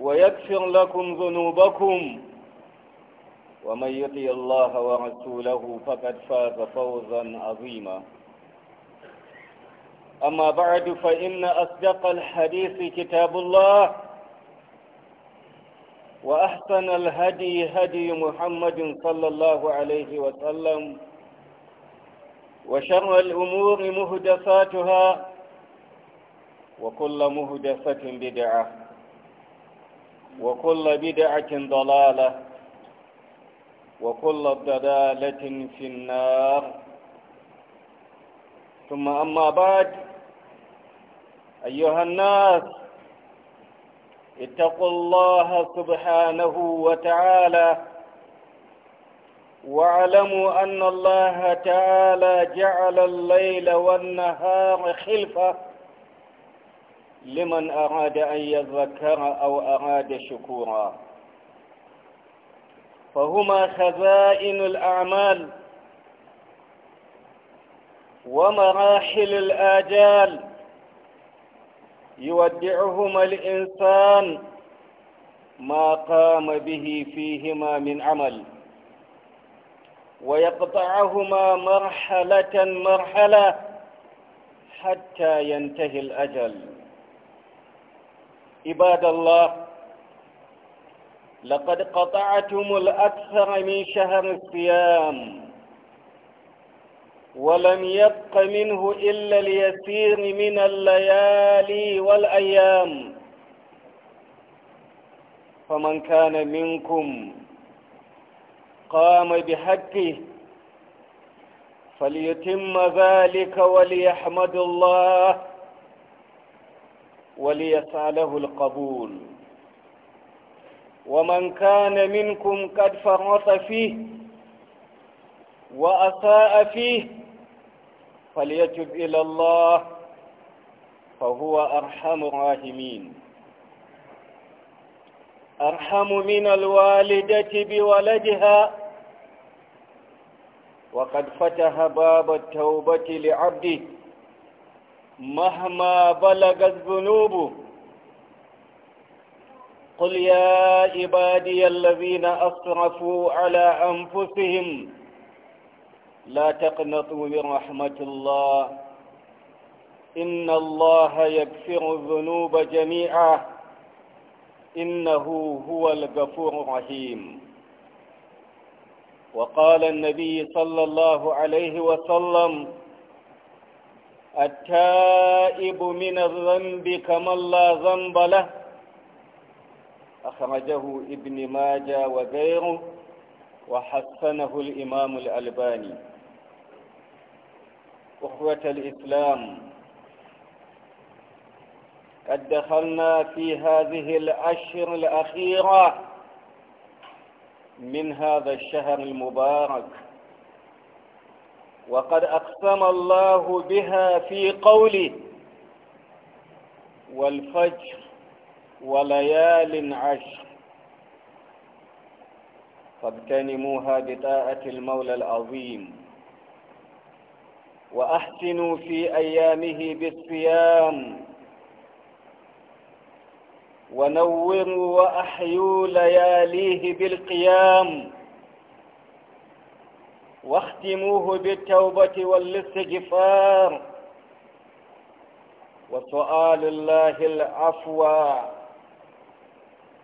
ويغفر لكم ذنوبكم ومن يطي الله ورسوله فقد فاز فوزا عظيما أما بعد فإن أصدق الحديث كتاب الله وأحسن الهدي هدي محمد صلى الله عليه وسلم وشر الأمور مهدساتها وكل مهدسة بدعة وكل بدعة ضلالة وكل ضلالة في النار ثم أما بعد أيها الناس اتقوا الله سبحانه وتعالى واعلموا أن الله تعالى جعل الليل والنهار خلفه لمن أراد أن يذكر أو أراد شكورا فهما خزائن الأعمال ومراحل الآجال يودعهما الإنسان ما قام به فيهما من عمل ويقطعهما مرحلة مرحلة حتى ينتهي الأجل عباد الله لقد قطعتم الأكثر من شهر الصيام ولم يبق منه إلا اليسير من الليالي والأيام فمن كان منكم قام بحقه فليتم ذلك وليحمد الله وليسع له القبول ومن كان منكم قد فرط فيه وأساء فيه فليتب إلى الله فهو أرحم الراحمين أرحم من الوالدة بولدها وقد فتح باب التوبة لعبده مهما بلغت ذنوبه قل يا عبادي الذين أسرفوا على أنفسهم لا تقنطوا من رحمة الله إن الله يغفر الذنوب جميعا إنه هو الغفور الرحيم وقال النبي صلى الله عليه وسلم التائب من الذنب كمن لا ذنب له أخرجه ابن ماجه وغيره وحسنه الإمام الألباني أخوة الإسلام قد دخلنا في هذه الأشهر الأخيرة من هذا الشهر المبارك وقد أقسم الله بها في قوله والفجر وليال عشر فاغتنموها بطاعة المولى العظيم وأحسنوا في أيامه بالصيام ونوروا وأحيوا لياليه بالقيام واختموه بالتوبة والاستغفار وسؤال الله العفو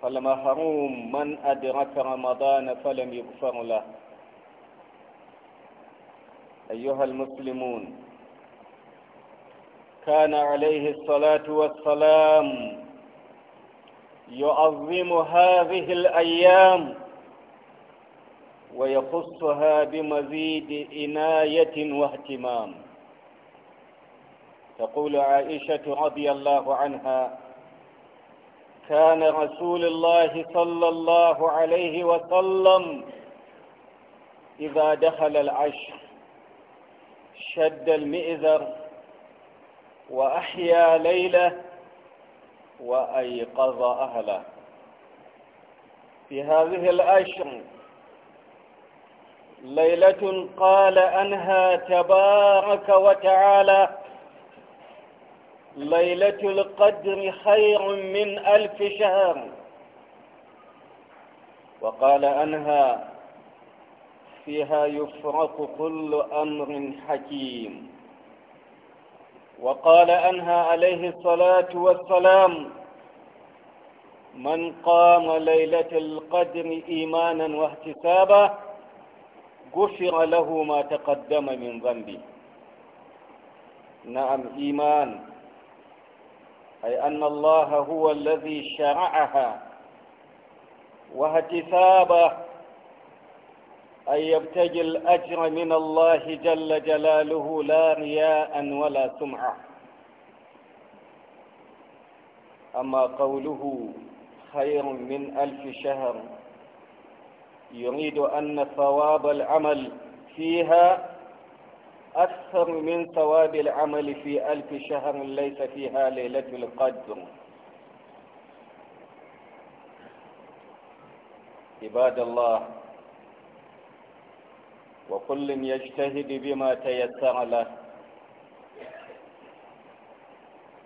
فالمحروم من أدرك رمضان فلم يغفر له أيها المسلمون كان عليه الصلاة والسلام يعظم هذه الأيام ويخصها بمزيد عناية واهتمام تقول عائشة رضي الله عنها كان رسول الله صلى الله عليه وسلم إذا دخل العشر شد المئذر وأحيا ليلة وأيقظ أهله في هذه الأشر ليلة قال أنها تبارك وتعالى ليلة القدر خير من ألف شهر وقال أنها فيها يفرق كل أمر حكيم وقال أنها عليه الصلاة والسلام من قام ليلة القدر إيمانا واحتسابا غفر له ما تقدم من ذنبه نعم إيمان أي أن الله هو الذي شرعها واهتثابه أن يبتغي الأجر من الله جل جلاله لا رياء ولا سمعة أما قوله خير من ألف شهر يريد أن ثواب العمل فيها أكثر من ثواب العمل في ألف شهر ليس فيها ليلة القدر عباد الله وكل يجتهد بما تيسر له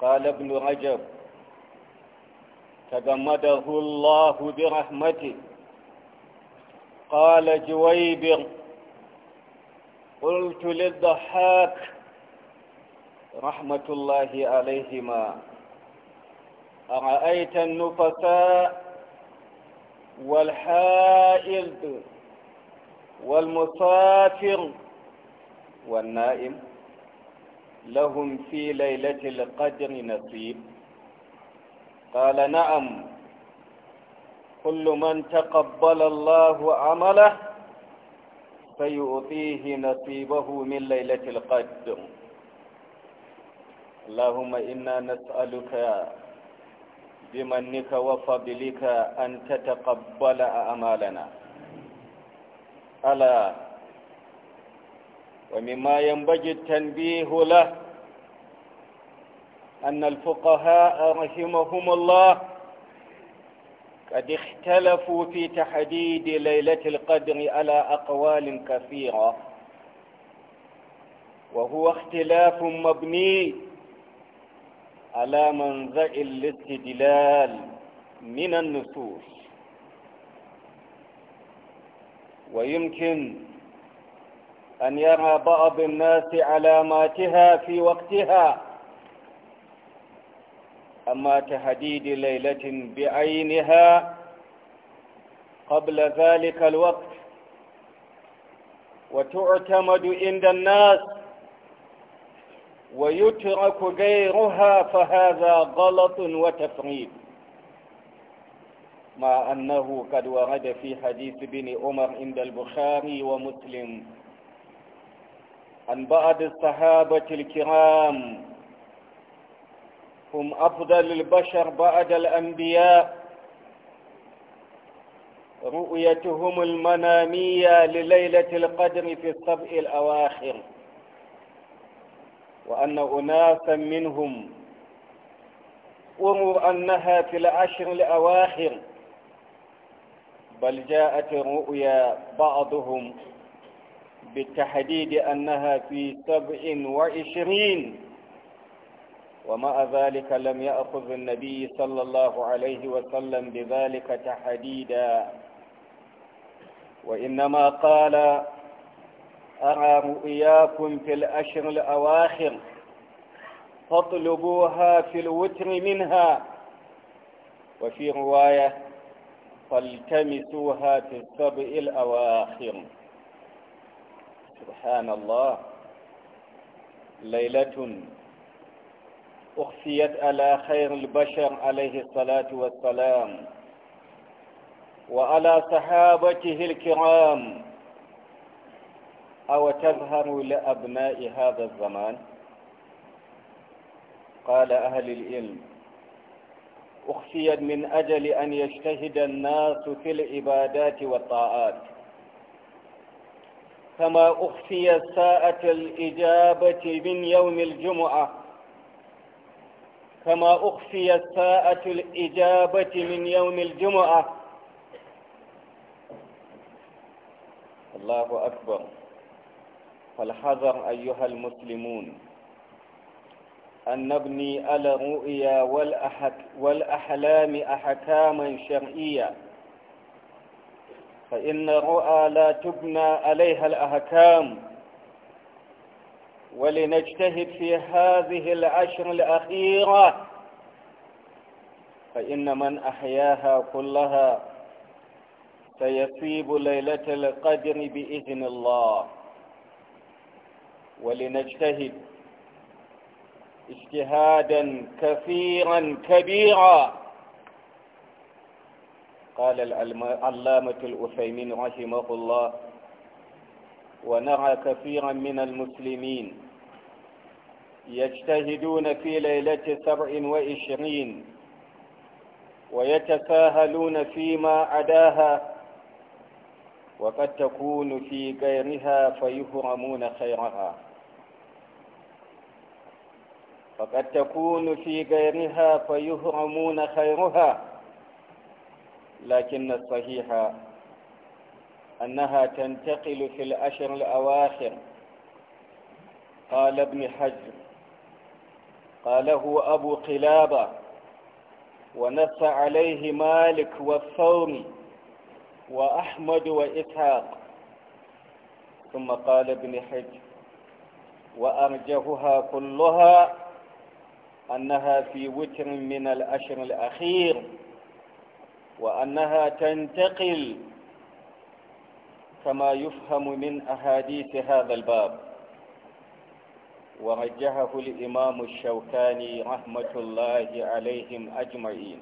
قال ابن رجب تجمده الله برحمته قال جويبر قلت للضحاك رحمة الله عليهما أرأيت النفساء والحائل والمسافر والنائم لهم في ليلة القدر نصيب قال نعم كل من تقبل الله عمله فيؤتيه نصيبه من ليلة القدر اللهم إنا نسألك بمنك وفضلك أن تتقبل أعمالنا ألا ومما ينبغي التنبيه له أن الفقهاء رحمهم الله قد اختلفوا في تحديد ليلة القدر على أقوال كثيرة وهو اختلاف مبني على منزع الاستدلال من النصوص ويمكن أن يرى بعض الناس علاماتها في وقتها أما تهديد ليلة بعينها قبل ذلك الوقت وتعتمد عند الناس ويترك غيرها فهذا غلط وتفريد مع أنه قد ورد في حديث بن عمر عند البخاري ومسلم عن بعض الصحابة الكرام هم أفضل البشر بعد الأنبياء رؤيتهم المنامية لليلة القدر في السبع الأواخر وأن أناسا منهم أروا أنها في العشر الأواخر بل جاءت رؤيا بعضهم بالتحديد أنها في سبع وعشرين ومع ذلك لم يأخذ النبي صلى الله عليه وسلم بذلك تحديدا وإنما قال أرى رؤياكم في الأشر الأواخر فاطلبوها في الوتر منها وفي رواية فالتمسوها في السبع الأواخر سبحان الله ليلة أخفيت على خير البشر عليه الصلاة والسلام وعلى صحابته الكرام أو تظهر لأبناء هذا الزمان قال أهل العلم أخفيت من أجل أن يجتهد الناس في العبادات والطاعات كما أخفي ساعة الإجابة من يوم الجمعة كما أخفيت ساعة الإجابة من يوم الجمعة الله أكبر فالحذر أيها المسلمون أن نبني على الرؤيا والأحلام أحكاما شرعية فإن الرؤى لا تبنى عليها الأحكام ولنجتهد في هذه العشر الأخيرة فإن من أحياها كلها سيصيب ليلة القدر بإذن الله ولنجتهد اجتهادا كثيرا كبيرا قال العلامة الأثيمين رحمه الله ونرى كثيرا من المسلمين يجتهدون في ليلة سبع وعشرين ويتساهلون فيما عداها وقد تكون في غيرها فيهرمون خيرها فقد تكون في غيرها فيهرمون خيرها لكن الصحيح أنها تنتقل في الأشر الأواخر قال ابن حجر قاله أبو قلابة ونص عليه مالك والثوم وأحمد وإسحاق ثم قال ابن حج وأرجهها كلها أنها في وتر من الأشر الأخير وأنها تنتقل كما يفهم من أحاديث هذا الباب ورجحه الإمام الشوكاني رحمة الله عليهم أجمعين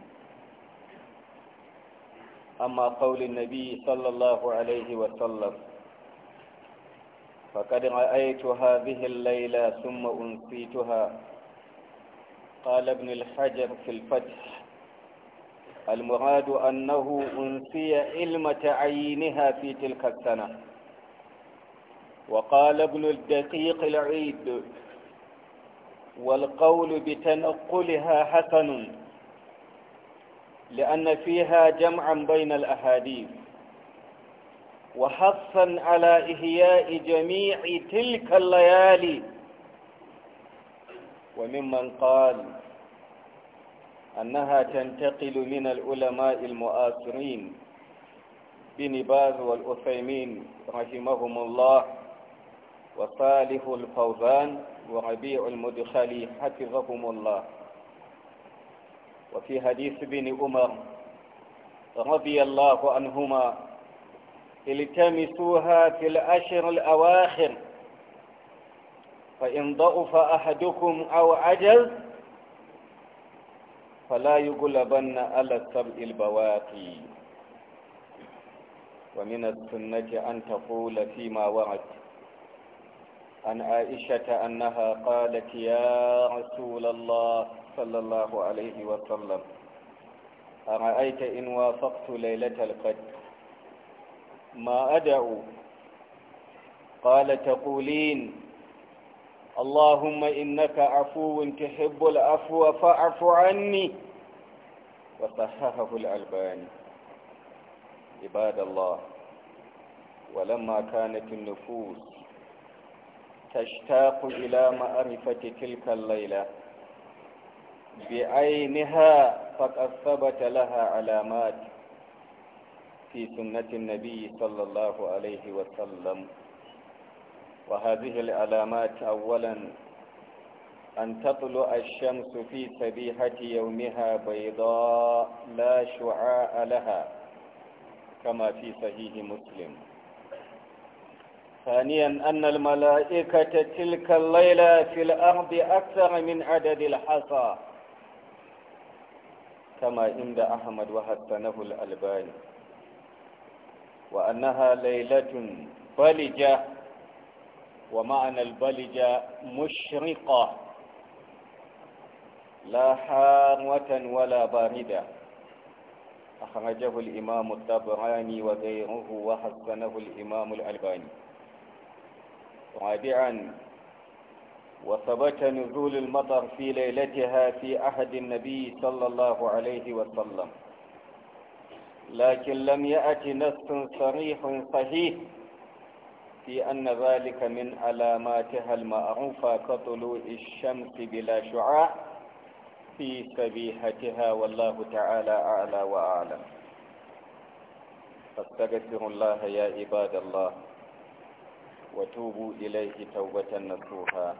أما قول النبي صلى الله عليه وسلم فقد رأيت هذه الليلة ثم أنسيتها قال ابن الحجر في الفتح المراد أنه أنسي علم تعيينها في تلك السنة وقال ابن الدقيق العيد والقول بتنقلها حسن لأن فيها جمعا بين الأحاديث وحثا على إهياء جميع تلك الليالي وممن قال أنها تنتقل من العلماء المعاصرين بن باز والأثيمين رحمهم الله وصالح الفوزان وربيع المدخلي حفظهم الله وفي حديث ابن عمر رضي الله عنهما التمسوها في الأشر الأواخر فإن ضعف أحدكم أو عجز فلا يغلبن على السبع البواقي ومن السنة أن تقول فيما وعدت عن عائشة أنها قالت يا رسول الله صلى الله عليه وسلم أرأيت إن وافقت ليلة القدر ما أدعو قال تقولين اللهم إنك عفو تحب العفو فاعف عني وصححه الألباني عباد الله ولما كانت النفوس تشتاق إلى معرفة تلك الليلة بعينها فقد ثبت لها علامات في سنة النبي صلى الله عليه وسلم وهذه العلامات أولا أن تطلع الشمس في سبيحة يومها بيضاء لا شعاء لها كما في صحيح مسلم ثانيا أن الملائكة تلك الليلة في الأرض أكثر من عدد الحصى كما عند أحمد وحسنه الألباني وأنها ليلة بلجة ومعنى البلجة مشرقة لا حارة ولا باردة أخرجه الإمام الطبراني وغيره وحسنه الإمام الألباني رابعا وثبت نزول المطر في ليلتها في عهد النبي صلى الله عليه وسلم لكن لم يأت نص صريح صحيح في أن ذلك من علاماتها المعروفة كطلوع الشمس بلا شعاع في سبيحتها والله تعالى أعلى وأعلم فاستغفر الله يا عباد الله وتوبوا إليه توبة نصوحا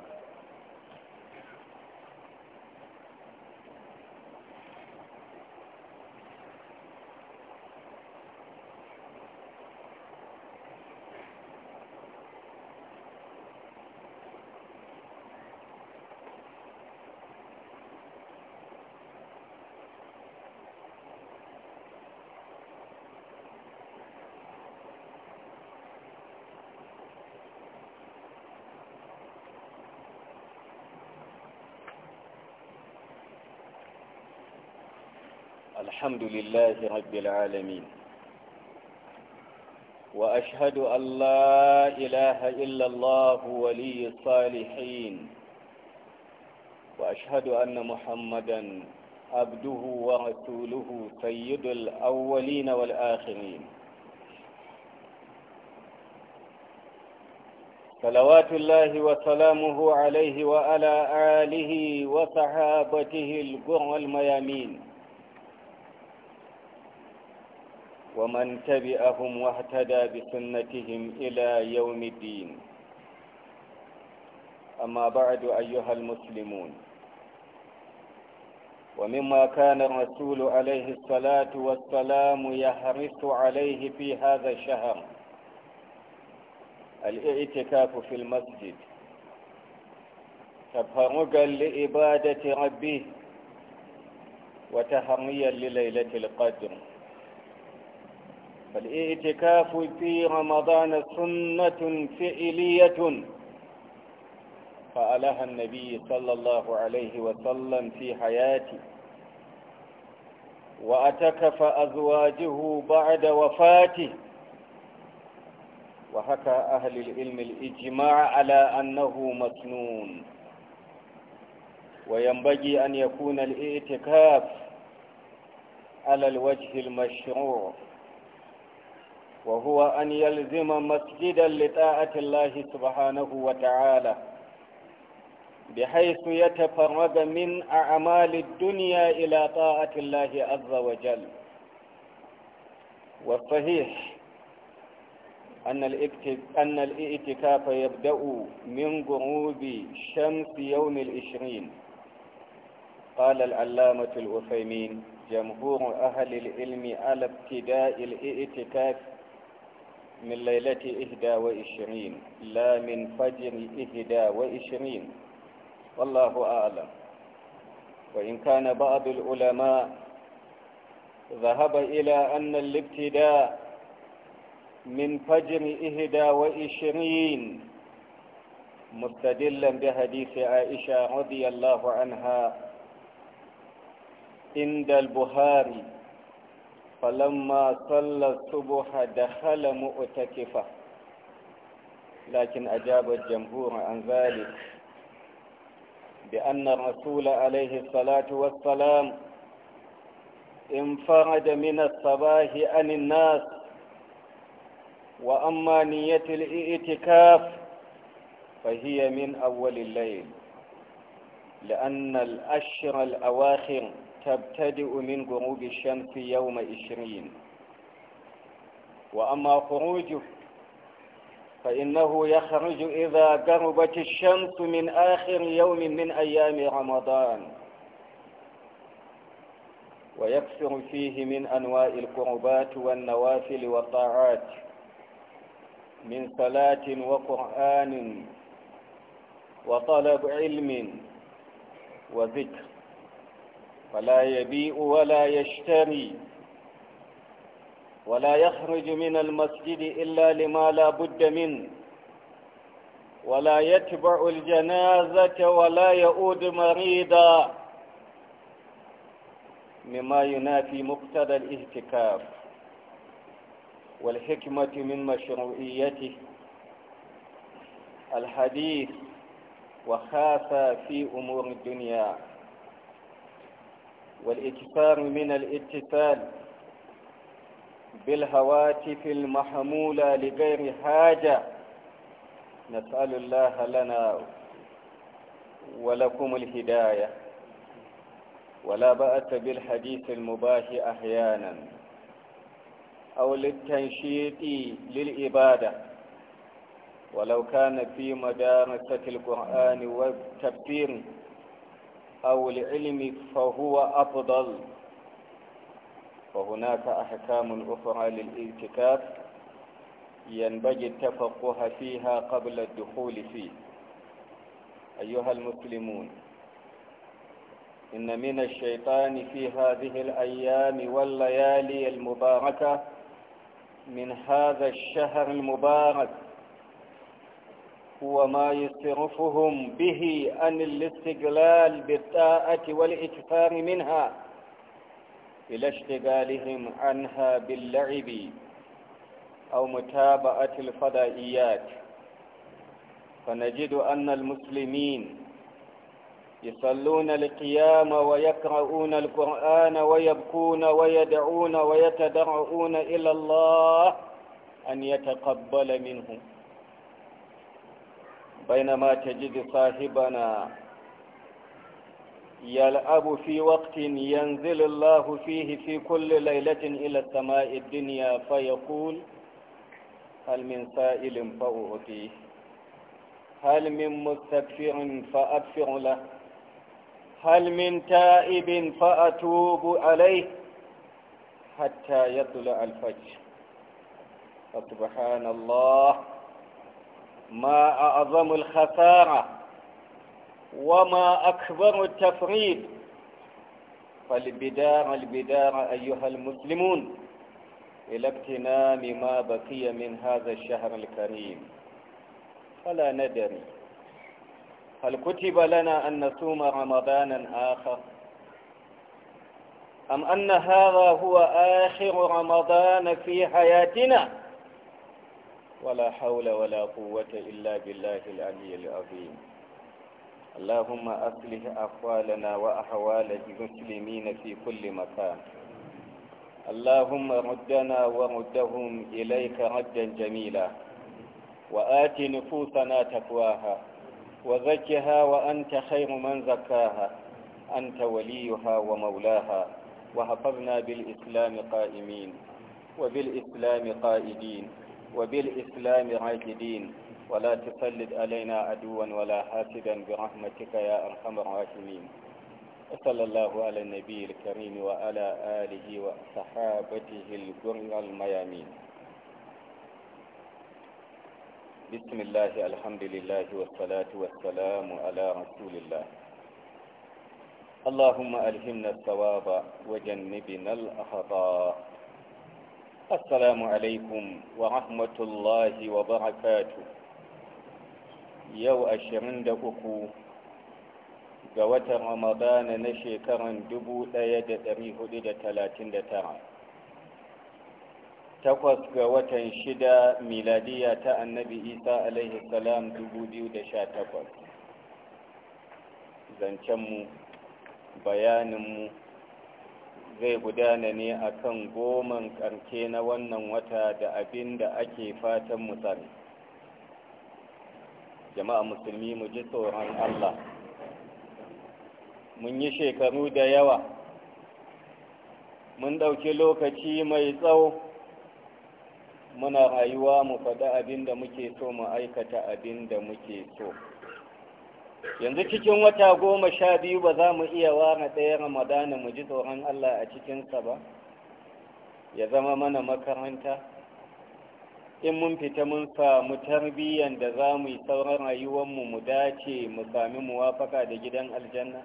الحمد لله رب العالمين وأشهد أن لا إله إلا الله ولي الصالحين وأشهد أن محمدا عبده ورسوله سيد الأولين والآخرين صلوات الله وسلامه عليه وعلى آله وصحابته الجر الميامين ومن تبعهم واهتدى بسنتهم إلى يوم الدين أما بعد أيها المسلمون ومما كان الرسول عليه الصلاة والسلام يحرص عليه في هذا الشهر الاعتكاف في المسجد تفرقا لإبادة ربه وتحريا لليلة القدر فالاعتكاف في رمضان سنة فعلية فعلها النبي صلى الله عليه وسلم في حياته وأتكف أزواجه بعد وفاته وحكى أهل العلم الإجماع على أنه مسنون وينبغي أن يكون الاعتكاف على الوجه المشروع وهو أن يلزم مسجدا لطاعة الله سبحانه وتعالى بحيث يتفرد من أعمال الدنيا إلى طاعة الله عز وجل والصحيح أن الإئتكاف يبدأ من غروب شمس يوم العشرين قال العلامة الأثيمين جمهور أهل العلم على ابتداء الإئتكاف من ليلة إهدى وإشرين لا من فجر إهدى وإشرين والله أعلم وإن كان بعض العلماء ذهب إلى أن الابتداء من فجر إهدى وإشرين مستدلا بحديث عائشة رضي الله عنها عند البخاري فلما صلى الصبح دخل مؤتكفا لكن أجاب الجمهور عن ذلك بأن الرسول عليه الصلاة والسلام انفرد من الصباح عن الناس وأما نية الاعتكاف فهي من أول الليل لأن الأشر الأواخر تبتدئ من غروب الشمس يوم عشرين وأما خروجه فإنه يخرج إذا قربت الشمس من آخر يوم من أيام رمضان ويكثر فيه من أنواع القربات والنوافل والطاعات من صلاة وقرآن وطلب علم وذكر فلا يبيء ولا يشتري ولا يخرج من المسجد إلا لما لا بد منه ولا يتبع الجنازة ولا يؤود مريضا مما ينافي مقتضى الاهتكاف والحكمة من مشروعيته الحديث وخاف في أمور الدنيا والإكثار من الاتصال بالهواتف المحمولة لغير حاجة نسأل الله لنا ولكم الهداية ولا بأس بالحديث المباح أحيانا أو للتنشيط للإبادة ولو كان في مدارسة القرآن والتبتير أو العلم فهو أفضل وهناك أحكام أخرى للاعتكاف ينبغي التفقه فيها قبل الدخول فيه أيها المسلمون إن من الشيطان في هذه الأيام والليالي المباركة من هذا الشهر المبارك وما يصرفهم به عن الاستقلال بالطاعة والإكثار منها إلى اشتغالهم عنها باللعب أو متابعة الفضائيات فنجد أن المسلمين يصلون القيام ويقرؤون القرآن ويبكون ويدعون ويتدعون إلى الله أن يتقبل منهم بينما تجد صاحبنا يلعب في وقت ينزل الله فيه في كل ليلة إلى السماء الدنيا فيقول هل من سائل فأعطيه هل من مستكفر فأكفر له هل من تائب فأتوب عليه حتى يطلع الفجر فسبحان الله ما أعظم الخسارة وما أكبر التفريط فالبدار البدار أيها المسلمون إلى اغتنام ما بقي من هذا الشهر الكريم فلا ندري هل كتب لنا أن نصوم رمضانا آخر أم أن هذا هو آخر رمضان في حياتنا ولا حول ولا قوة إلا بالله العلي العظيم اللهم أصلح أقوالنا وأحوال المسلمين في كل مكان اللهم ردنا وردهم إليك ردا جميلا وآت نفوسنا تقواها وزكها وأنت خير من زكاها أنت وليها ومولاها وحفظنا بالإسلام قائمين وبالإسلام قائدين وبالإسلام راجدين ولا تسلد علينا عدوا ولا حاسدا برحمتك يا أرحم الراحمين وصلى الله على النبي الكريم وعلى آله وصحابته الجر الميامين بسم الله الحمد لله والصلاة والسلام على رسول الله اللهم ألهمنا الثواب وجنبنا الأخطاء السلام عليكم ورحمة الله وبركاته يو أشرين دقوكو قوات رمضان نشكرا دبو ليد أريه لدى تلاتين دترا تقوص قوات شدا ميلادية النبي إيسى عليه السلام دبو ديو دشا تقوص زنشمو بيانمو zai gudana ne akan goman karke na wannan wata da abin da ake fatan musami jama'a musulmi mu ji tsoron allah mun yi shekaru da yawa mun ɗauki lokaci mai tsawo muna rayuwa mu faɗi abin da muke so mu aikata abin da muke so yanzu cikin wata goma sha biyu ba za mu iya ware ɗaya ramadana mu ji tsoron Allah a cikinsa ba ya zama mana makaranta in mun fita mun samu tarbiyyar da za mu yi sauran rayuwarmu mu dace mu sami muwafaka da gidan aljanna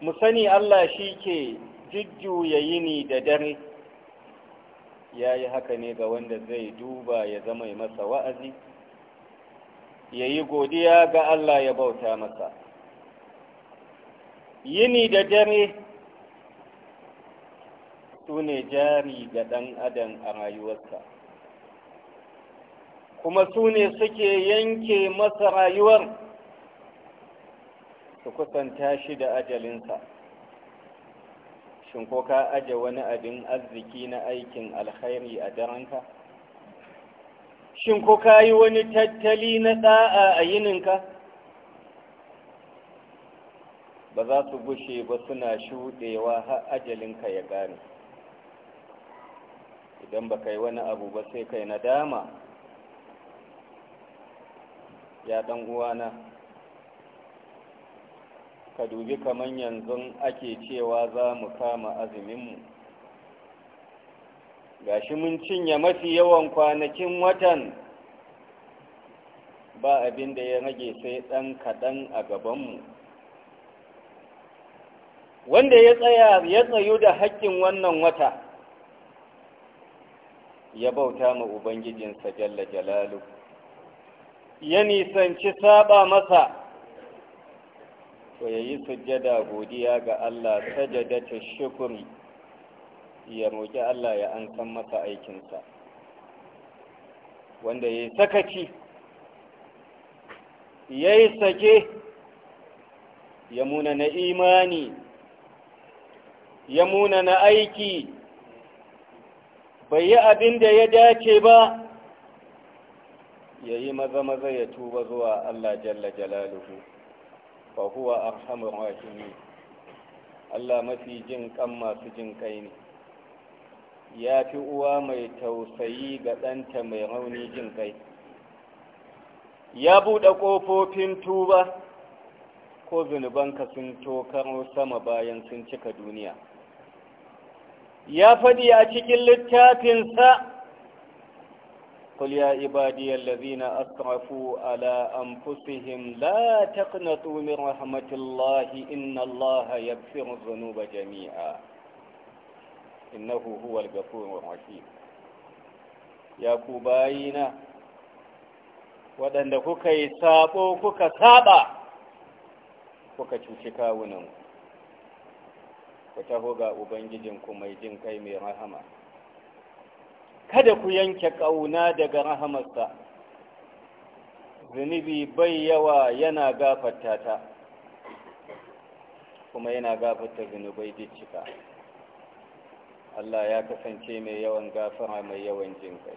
mu sani Allah shi ke jujjuya yini da dare ya yi haka ne ga wanda zai duba ya zama masa wa'azi ya yi godiya ga Allah ya bauta masa yini da dare su ne jari ga ɗan adam a rayuwarsa kuma su ne suke yanke masa rayuwar su kusanta shi da ajalinsa shin ko ka aje wani abin arziki na aikin alkhairi a ka? shin ko ka yi wani tattali na ɗa'a a yininka ba za su gushe ba suna shuɗewa har ajalinka ya gane idan ba kai wani abu ba sai kai na dama. ya ɗan uwana ka dubi kaman yanzu ake cewa za mu kama azuminmu Ga shi mun cinye mafi yawan kwanakin watan ba abin da ya rage sai ɗan kaɗan a gabanmu wanda ya tsaya ya tsayu da haƙƙin wannan wata ya bauta ma ubangijinsa jalla jalalu ya nisanci saba masa ko ya yi sujjada godiya ga Allah ta shukuri ya roƙi Allah ya an san masa aikinsa wanda ya yi sakaci ya yi sake ya muna na imani ya muna na aiki bai yi abin da ya dace ba ya yi maza-maza ya tuba zuwa Allah jalla jalaluhu fa huwa arhamur rahimin Allah mafi jin kan masu jin kai ne ya fi uwa mai tausayi ga ɗanta mai rauni jin kai ya buɗe ƙofofin tuba ko zunubanka sun tokaro sama bayan sun cika duniya ya faɗi a cikin littafinsa ya ibadiyar lazina asrafu ala an fusihim la تقنطوا min رحمة inna allaha ya fi zunuba jami'a. innahu huwal ghafurur rahim ya ku bayina waɗanda kuka yi sabo kuka saba kuka cuci kawunan ku taho ga ubangijinku mai jin kai mai rahama kada ku yanke ƙauna daga rahamarsa zunubi bai yawa yana gafarta ta kuma yana gafarta zunubai duk cika Allah ya kasance mai yawan gafara mai yawan jin kai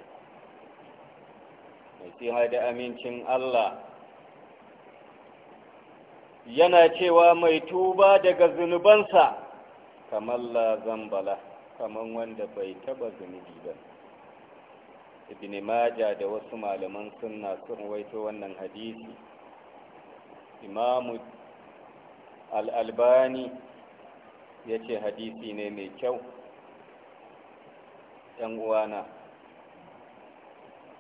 mai tsira da amincin Allah yana cewa mai tuba daga zunubansa kamar la zambala kamar wanda bai taba zunubi ba ibn maja da wasu malaman sunna sun waito wannan hadisi imamu al-albani ya ce hadisi ne mai kyau 'yan uwana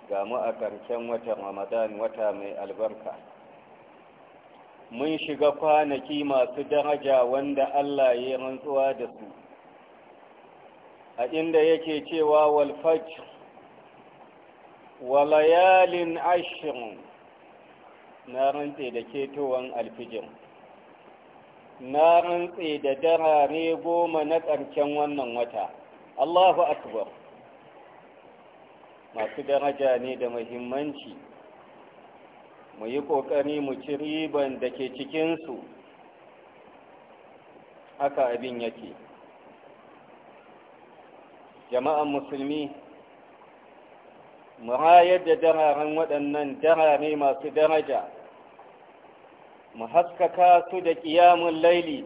ga mu a ƙarshen watan ramadan wata mai albarka mun shiga kwanaki masu daraja wanda allah ya rantsuwa da su a inda yake cewa walfaj walayalin ashirin na rantse da ketowan alfijin. na rantse da darare goma na ƙarshen wannan wata allahu akbar masu daraja ne da muhimmanci mu yi ƙoƙari mu ci riban da ke cikinsu haka abin yake jama'an musulmi mu rayar da dararen waɗannan darare masu daraja mu haskaka su da ƙiyamun laili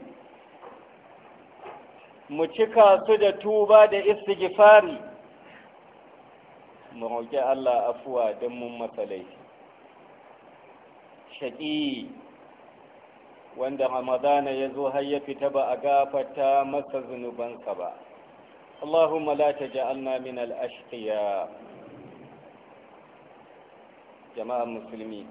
mu cika su da tuba da istighfari mu roƙi Allah afuwa don mun matsalai laifi shaƙi wanda ramadana ya zo har ya fita ba a gafata masa zunubansa ba allahumma la taj'alna min al-ashqiya musulmi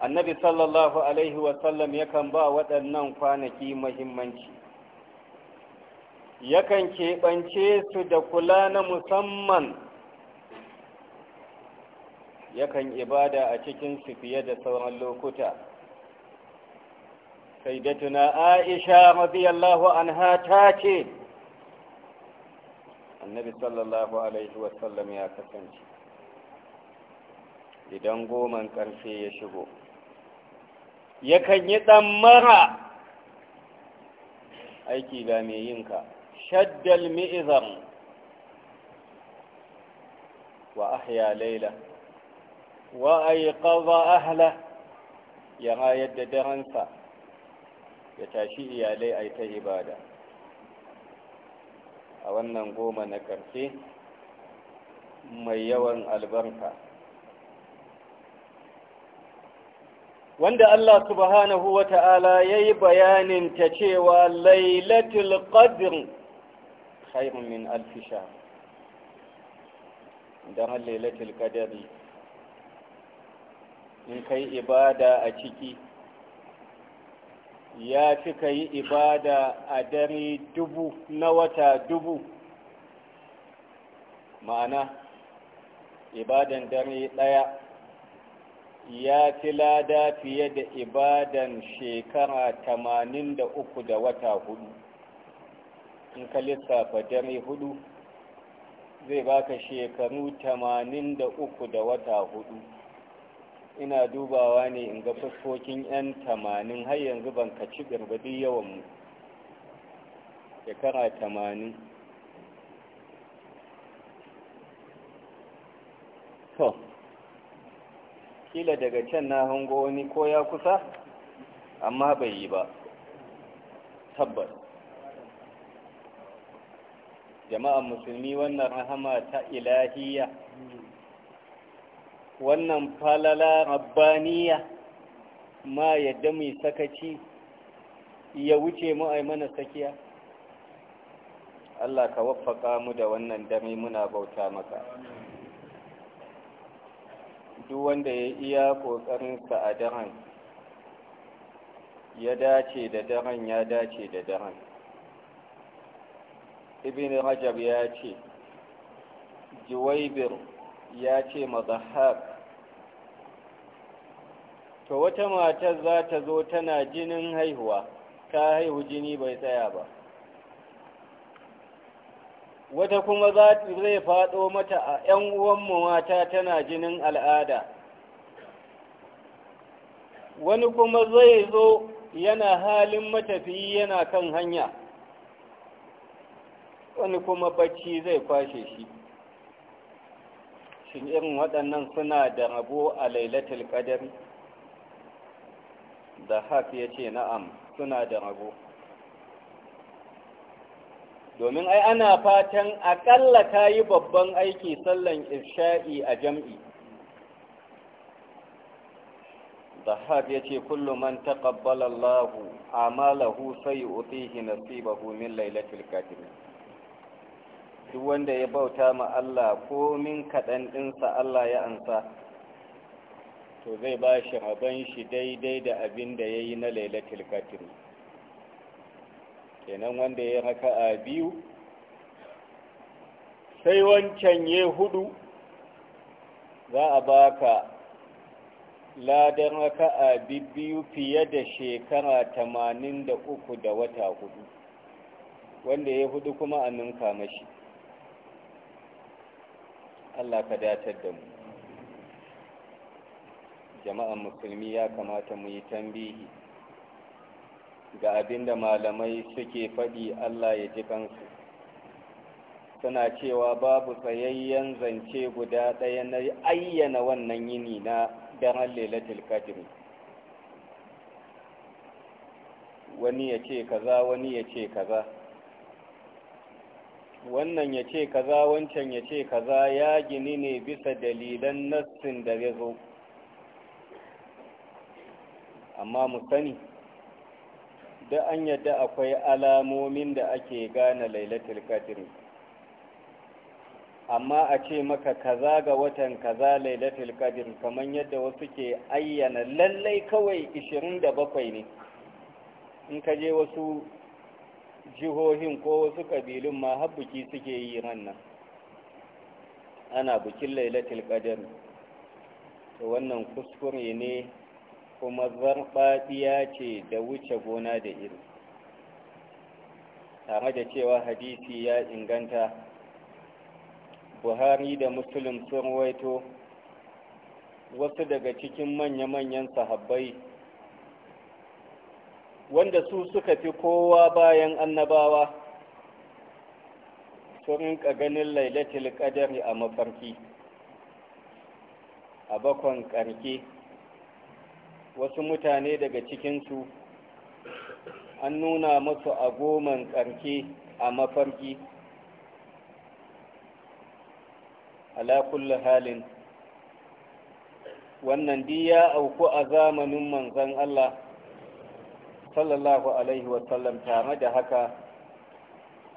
annabi sallallahu alaihi wasallam yakan ba waɗannan kwanaki muhimmanci yakan keɓance su da kula na musamman yakan ibada a cikinsu fiye da sauran lokuta sai da tuna aisha radiyallahu anha ta ce annabi sallallahu alaihi wasallam ya kasance idan goman ƙarfe ya shigo yakan yi ɗan mara aiki ga mai yinka شد المئذر وأحيا ليلة وأيقظ أهله يرى يد درنسا يتاشي إيالي a wannan أولا نقوم نكرسي mai yawan albarka wanda Allah subhanahu wa ta'ala ya yi bayanin ta cewa lailatul qadr خير alfisha, ألف شهر ƙadari, in ka ibada a ciki ya fi ka yi ibada a dare dubu na wata dubu ma'ana ibadan dare ɗaya ya fi lada fiye da ibadan shekara tamanin da uku da wata hudu in ka lissafa dare hudu zai baka shekaru tamanin da uku da wata hudu ina dubawa ne in ga fuskokin 'yan tamanin har yanzu ban ka ci yawan yawanmu shekara tamanin to kila daga can na hango wani ko ya kusa amma bai yi ba tabbas jama'an musulmi wannan rahama ta ilahiya wannan falala rabbaniya ma yadda mai sakaci ya wuce mu a mana sakiya Allah ka waffaka mu da wannan dare muna bauta maka duk wanda ya iya ƙoƙarinsa a daren ya dace da daren ya dace da daren ibn rajab ya ce juwaibir ya ce mazahab to wata matar za ta zo tana jinin haihuwa ta haihu jini bai tsaya ba wata kuma zai faɗo mata a 'yan uwanmu mata tana jinin al'ada wani kuma zai zo yana halin matafiyi yana kan hanya wani kuma bacci zai kwashe shi shin irin waɗannan suna da rabo a lailatul qadari da haf ya ce na'am suna da rabo domin ai ana fatan akalla ta yi babban aiki sallan isha'i a jam'i Zahab ya ce kullu man taqabbala Allahu amalahu sai yu'tihi nasibahu min lailatul qadr duk wanda ya bauta ma Allah komin kaɗan ɗinsa Allah ya ansa to zai ba shi rabon shi daidai da abin da ya yi na lailatul qadr kenan wanda ya raka a biyu sai wancan ya hudu za a baka ladan raka a biyu fiye da shekara tamanin da uku da wata hudu wanda ya hudu kuma a ninka mashi Allah ka datar da mu jama'an musulmi ya kamata mu yi tambihi ga abinda malamai suke faɗi Allah ya ji kansu suna cewa babu tsayayyen zance guda ɗaya na ayyana wannan yini na daren na kadiri wani ya ce kaza wani ya ce kaza wannan ya ce kaza wancan ya ce kaza ya gini ne bisa dalilan nassin da ya zo amma mu sani da an yadda akwai alamomin da ake gane lailatul qadr amma a ce maka kaza ga watan kaza lailatul qadr kamar yadda wasu ke ayyana lallai kawai 27 ne in ka je wasu jihohin ko wasu ƙabilun ma habbuki suke yi nan ana bikin lailatul qadar to wannan kuskure ne kuma zarbadiya ce da wuce gona da iri tare da cewa hadisi ya inganta buhari da muslim sun waito wasu daga cikin manya-manyan sahabbai wanda su suka fi kowa bayan annabawa su rinka ganin lailatul qadari a mafarki a bakon ƙarke wasu mutane daga cikinsu an nuna masu a goman ƙarke a mafarki alakullu halin wannan diya auku a zamanin Manzon Allah sallallahu alaihi wasallam tare da haka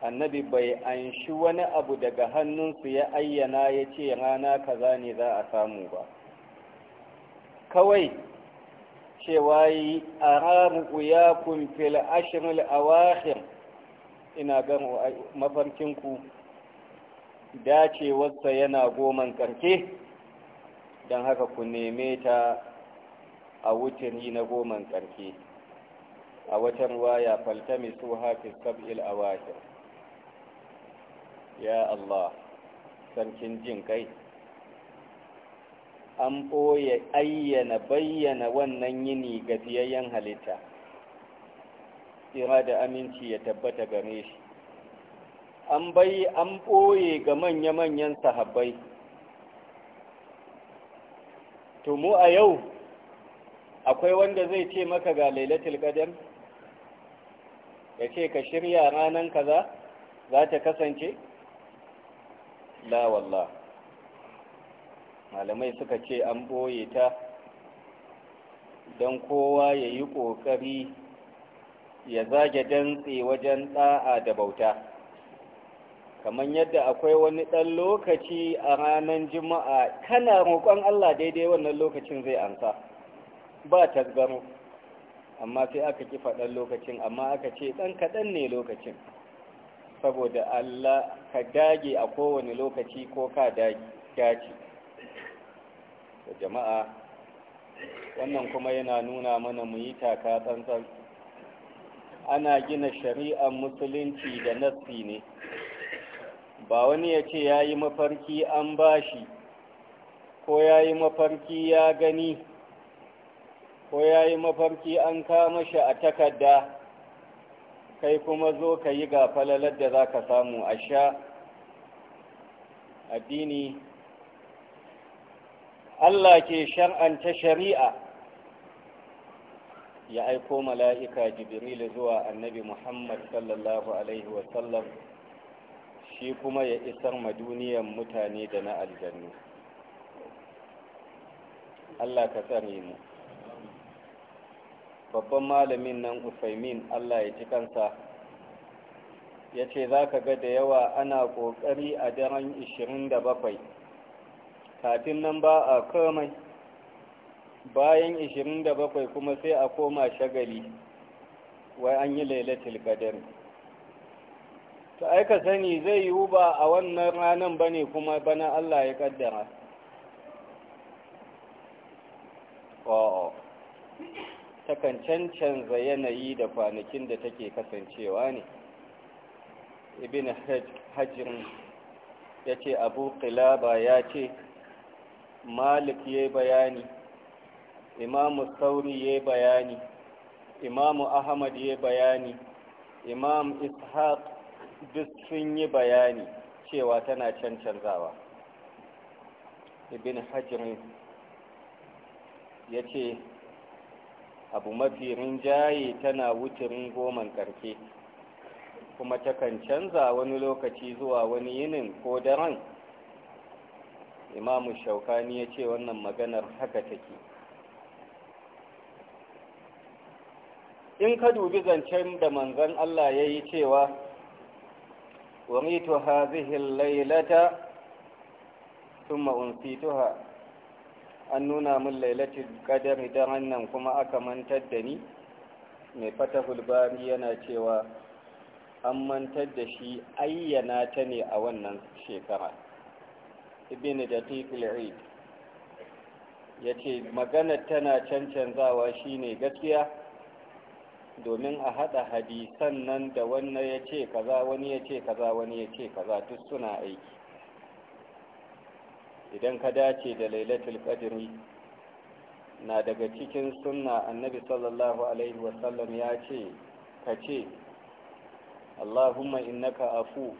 annabi bai anshi wani abu daga hannunsu ya ayyana ya ce rana kaza ne za a samu ba kawai cewa yi a ramu ya kumfila ashirin awahir ina gan mafarkinku dacewarsa yana goman karke don haka ku neme ta a wuturi na goman karke a wata ruwaya faltamisu hafi sab'il awakir ya Allah sarkin jin kai an ɓoye ayyana bayyana wannan yini ga fiyayyen halitta tsira da aminci ya tabbata game shi an bayi an ɓoye ga manya-manyan sahabbai Tumu a yau akwai wanda zai ce maka ga lailatul qadar ya ce ka shirya ranar kaza za ta kasance la wallah malamai suka ce an boye ta don kowa ya yi ƙoƙari ya zage dantse wajen ɗa'a da bauta kamar yadda akwai wani ɗan lokaci a ranar juma'a kana roƙon allah daidai wannan lokacin zai ansa ba tasgaro amma sai aka ki faɗan lokacin amma aka ce ɗan kaɗan ne lokacin saboda Allah ka dage a kowane lokaci ko ka dage da jama'a wannan kuma yana nuna mana mu yi taka tsantsan ana gina shari'ar musulunci da nassi ne ba wani ya ce ya yi mafarki an bashi ko ya yi mafarki ya gani ko ya yi mafarki an kama shi a takarda kai kuma zo ka yi ga falalar da za ka samu a sha addini Allah ke shar'anta shari'a ya aiko mala'ika jibril zuwa annabi Muhammad sallallahu Alaihi wasallam shi kuma ya isar ma duniyan mutane da na aljannu Allah ka tsare mu babban malamin nan usaimin allah ya ji kansa ya ce za ka ga da yawa ana ƙoƙari a daren 27 kafin nan ba a komai bayan 27 kuma sai a koma shagali wai an yi lailatul qadar to aika sani zai yi ba a wannan ranan bane kuma bana Allah ya kaddara takan cancanza yanayi da kwanakin da take kasancewa ne ibn hajjin ya ce abu kilaba ya ce malik ya bayani imamu sauri ya bayani imamu ahmad ya bayani imam ishaq duk sun yi bayani cewa tana cancanzawa ibn hajjin ya ce abu mafi rinjaye tana rin goman karfe kuma takan canza wani lokaci zuwa wani yinin ko daren imamu shaukani ya ce wannan maganar haka take in ka dubi zancen da manzan Allah ya yi cewa wani tuha zihin lailata sun tuha. an nuna min lailatul qadar daren nan kuma aka mantar da ni mai fatahul bari yana cewa an mantar da shi ayyana ta ne a wannan shekara ibn da al-eid yace maganar tana cancanzawa shine gaskiya domin a hada hadisan nan da wannan yace kaza wani yace kaza wani yace kaza duk suna aiki idan ka dace da lailatul qadri na daga cikin sunna annabi sallallahu alaihi wasallam ya ce ka ce allahumma innaka afu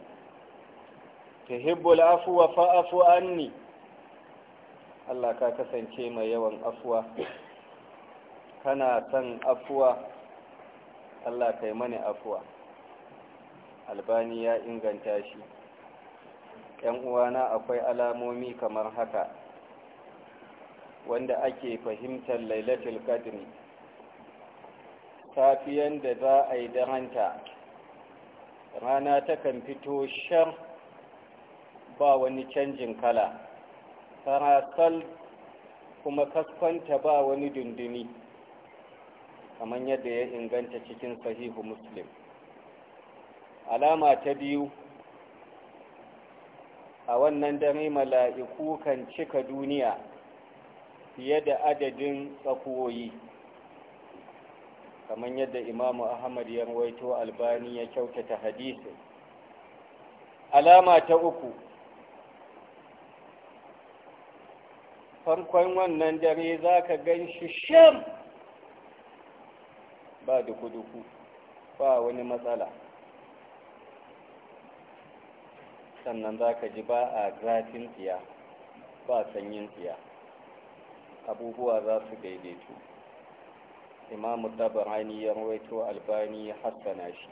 tuhibbul afwa fa'fu anni Allah ka kasance mai yawan afuwa kana son afuwa Allah kai mani afuwa albani ya inganta shi ‘yan uwana akwai alamomi kamar haka wanda ake fahimtar lailatul qadri safiyan da za a yi daranta rana takan fito shar ba wani canjin kala farasal kuma kaskanta ba wani dundumi kamar yadda ya inganta cikin sahihu muslim alama ta biyu a wannan dare mala'iku kan cika duniya fiye da adadin tsakuwoyi kamar yadda imamu ahmad ya waito albani ya kyautata hadisi alama ta uku farkon wannan dare za ka gan shi ba duku-duku ba wani matsala sannan za ka ji ba a zafin tsiya ba sanyin tsiya abubuwa za su daidaitu imamu tabarani ya ruwaito albani ya hassana shi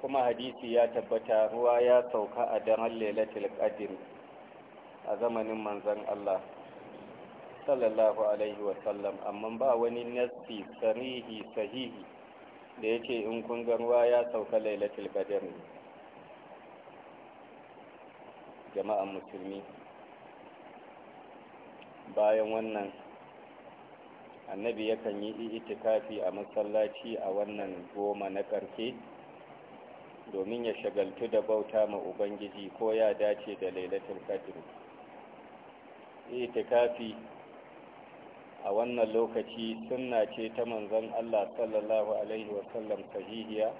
kuma hadisi ya tabbata ruwa ya sauka a daren lailatul qadr a zamanin manzon Allah sallallahu alaihi wasallam amma ba wani nasi sarihi sahihi da yake in kun ga ruwa ya sauka lailatul qadr jama'an musulmi bayan wannan annabi yakan yi itikafi a masallaci a wannan goma na ƙarfe domin ya shagaltu da bauta ma ubangiji ko ya dace da lailatul qadr itikafi a wannan lokaci sunna ce ta manzon Allah sallallahu alaihi wasallam sahihiya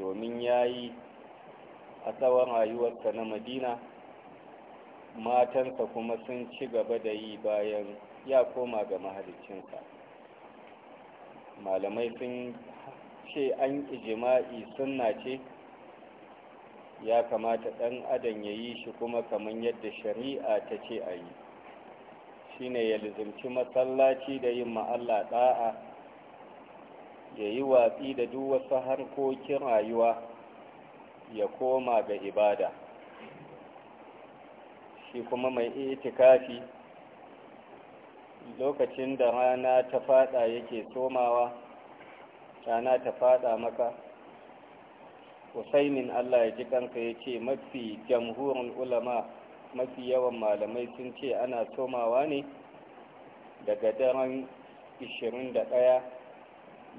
domin yayi a tsawon rayuwarsa na madina matansa kuma sun ci gaba da yi bayan ya koma ga mahalicinsa malamai sun ce an ijima'i sunna ce ya kamata ɗan adam ya yi shi kuma kamar yadda shari'a ta ce a yi Shi ne ya lizimci masallaci da yin ma'alla ɗa'a ya yi watsi da duk wasu harkokin rayuwa ya koma ga ibada shi kuma mai itikafi lokacin da rana ta fada yake somawa rana ta fada maka husainin allah ya ji kanka ya ce mafi jamhurin ulama mafi yawan malamai sun ce ana somawa ne daga daren 21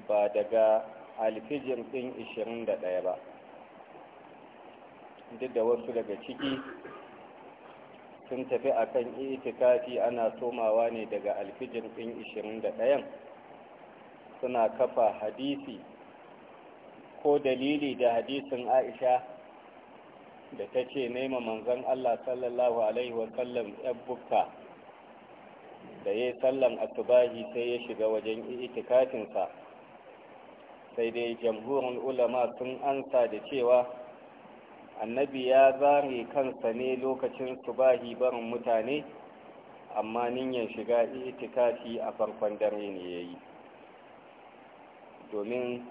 ba daga alfijir ɗin 21 ba duk da wasu daga ciki sun tafi a kan itikafi ana somawa ne daga alfijin ɗin 21 suna kafa hadisi ko dalili da hadisin aisha da ta ce nema manzan allah sallallahu alaihi wasallam yabbuka da ya sallan asubahi sai ya shiga wajen itikafinsa sai dai jamhurin ulama sun ansa da cewa annabi ya zare kansa ne lokacin subahi barin mutane amma niyyar shiga itikafi a farkon dare ne ya yi domin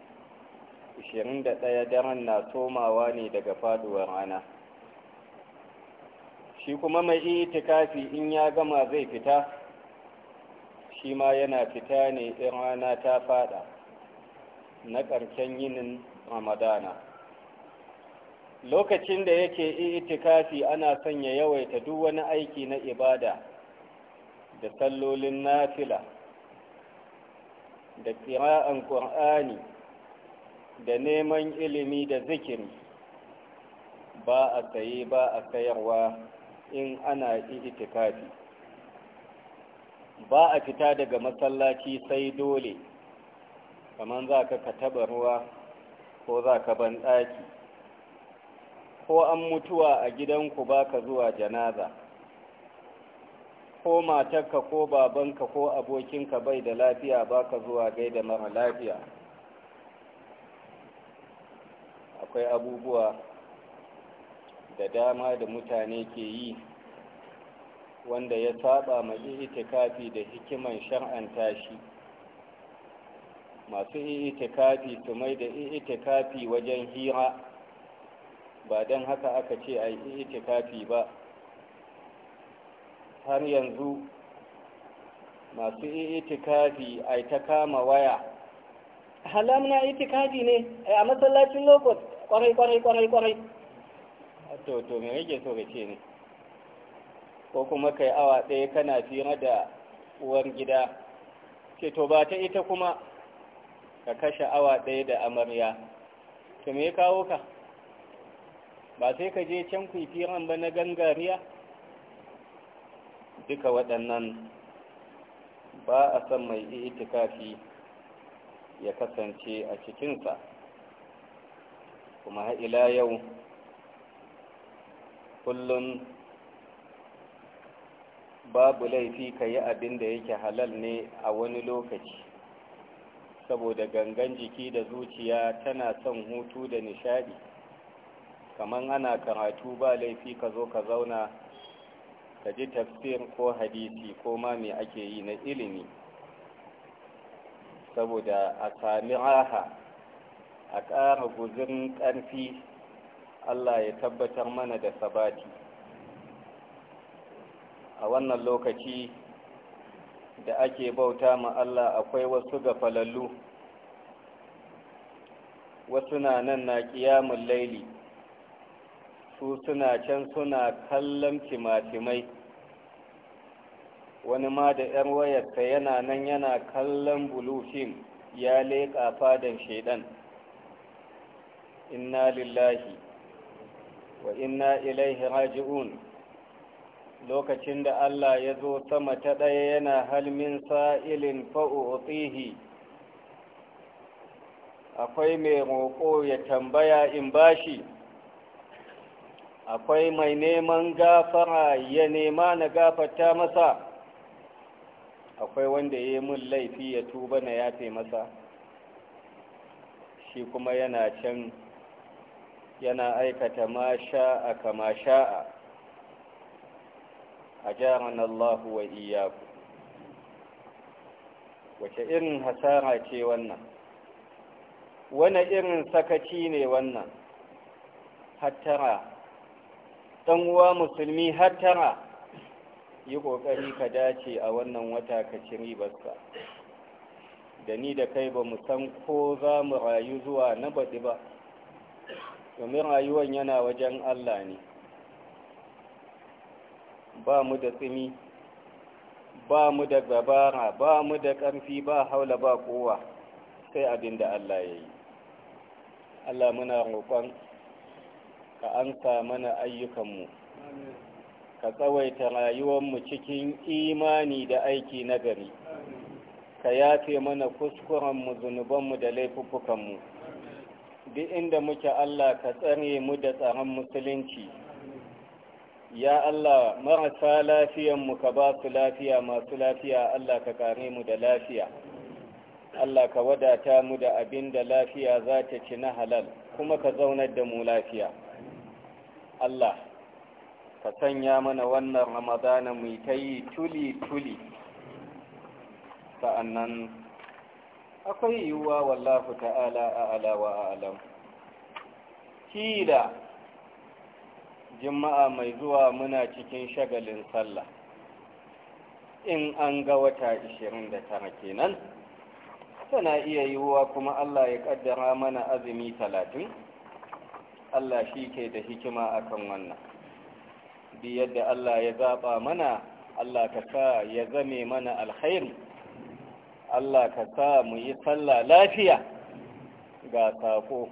21 daren na tomawa ne daga faduwar rana shi kuma mai itikafi in ya gama zai fita shi ma yana fita ne in rana ta fada na ƙarshen yinin ramadana lokacin da yake itikafi ana sanya yawaita duk wani aiki na ibada da sallolin nafila da kira'an ƙur'ani da neman ilimi da zikiri ba a tsaye ba a sayarwa in ana itikafi ba a fita daga masallaci sai dole kamar za ka ka taba ruwa ko za ka ban ɗaki ko an mutuwa a gidanku ba ka zuwa janaza ko matarka ko babanka ko abokinka bai da lafiya ba ka zuwa gaida mara lafiya akwai abubuwa da dama da mutane ke yi wanda ya saba ma itikafi da hikiman shar'anta shi masu itikafi su mai da itikafi wajen hira ba don haka aka ce a yi itikafi ba har yanzu masu itikafi a ta kama waya halam na itikafi ne a masallacin lokot kwarai kwarai kwarai kwarai to to me rage so ga ce ne ko kuma kai awa ɗaya kana fira da uwar gida ce to ba ta ita kuma ka kashe awa ɗaya da amarya to me kawo ka ba sai ka je can firan ba na gangariya duka waɗannan ba a san mai itikafi ya kasance a cikinsa kuma ila yau kullum babu laifi ka yi abin da yake halal ne a wani lokaci saboda gangan jiki da zuciya tana son hutu da nishadi kaman ana karatu ba laifi ka zo ka zauna ka ji tafsir ko hadisi ko ma me ake yi na ilimi saboda a sami raha a ƙara guzin ƙarfi allah ya tabbatar mana da sabati a wannan lokaci da ake bauta ma allah akwai wasu gafalallu wasu na nan na ƙiyamun laili su suna can suna kallon timatimai wani ma da 'yan wayarsa yana nan yana kallon bulufin ya leƙa fadan shaidan inna lillahi wa inna ilaihi raji'un lokacin da Allah ya zo sama ta ɗaya yana halmin sa'ilin fa'o'otsihi akwai mai roƙo ya tambaya in bashi akwai mai neman gafara ya nema na gafata masa akwai wanda ya yi mun laifi ya tuba na yafe masa shi kuma yana can yana aikata ma sha'a kama sha'a a jaran Allah wa iyaku wace irin hasara ce wannan wane irin sakaci ne wannan hattara ɗan uwa musulmi har tara yi ƙoƙari ka dace a wannan wata ka ci ribarsa da ni da kai ba mu san ko za mu rayu zuwa na baɗi ba domin rayuwan yana wajen allah ne ba mu da tsimi ba mu da gabara ba mu da ƙarfi ba haula ba kowa sai abin da allah ya yi allah muna roƙon ka ansa mana ayyukanmu ka tsawaita rayuwanmu cikin imani da aiki na gari. ka yafe mana kuskurenmu zunubanmu da laifukukanmu duk inda muke Allah ka tsare mu da tsaron musulunci ya Allah marasa lafiyanmu ka ba su lafiya masu lafiya Allah ka kare mu da lafiya Allah ka wadata mu da abin da lafiya za ta ci na halal kuma ka zaunar da mu lafiya Allah ka sanya mana wannan ramadana mai ta yi tuli-tuli sa'annan akwai yiwuwa wallafu ta'ala a alawa a alam kila jima'a mai zuwa muna cikin shagalin sallah in an ga wata da 29 kenan tana iya yiwuwa kuma Allah ya kaddara mana azumi talatin Allah shi ke da hikima a kan wannan bi yadda Allah ya zaɓa mana Allah ka sa ya zame mana alkhairi Allah ka sa mu yi sallah lafiya ga saƙo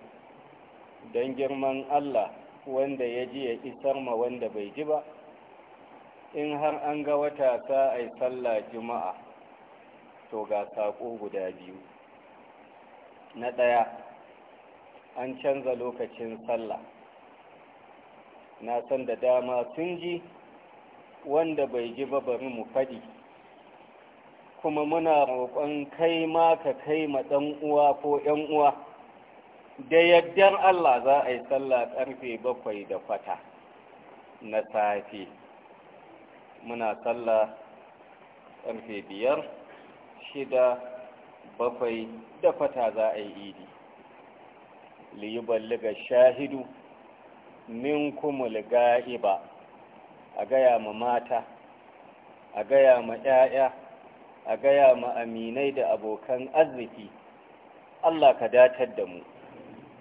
don girman Allah wanda ya ji ya isar ma wanda bai ji ba in har an ga wata sa a yi sallah juma'a to ga saƙo guda biyu na ɗaya an canza lokacin sallah na san da dama sun ji wanda bai ji ba bari mu faɗi kuma muna roƙon kai ma ka kai ma ɗan uwa ko ‘yan uwa da yaddar Allah za a yi sallah ƙarfe bakwai da kwata na safe muna sallah ƙarfe biyar shida bakwai da kwata za a yi idi li yuballiga shahidu min al-ga'iba a gaya ma mata a gaya ma 'ya'ya a gaya ma aminai da abokan arziki Allah ka datar da mu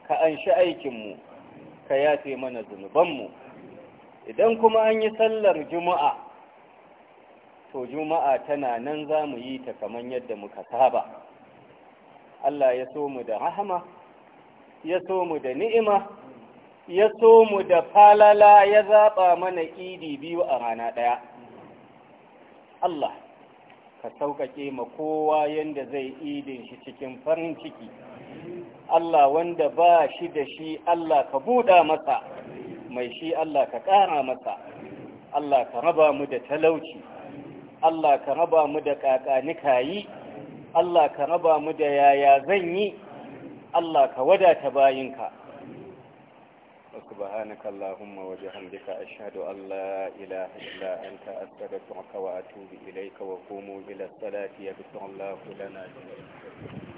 ka anshi aikinmu ka yafe mana zunubanmu idan kuma an yi sallar juma'a to juma'a tana nan za mu yi ta kamar yadda muka saba Allah ya so mu da rahama ya so mu da ni'ima ya so mu da falala ya zaɓa mana idi biyu a rana ɗaya Allah ka sauƙaƙe ma kowa yadda zai idin shi cikin farin ciki Allah wanda ba shi da shi Allah ka buɗa masa mai shi Allah ka ƙara masa Allah ka raba mu da talauci Allah ka raba mu da ƙaƙanikayi Allah ka raba mu da yaya zan yi Allah ka wadata bayinka سبحانك اللهم وبحمدك أشهد أن لا إله إلا أنت أستغفرك وأتوب إليك وقوموا إلى الصلاة يغفر الله لنا جميعا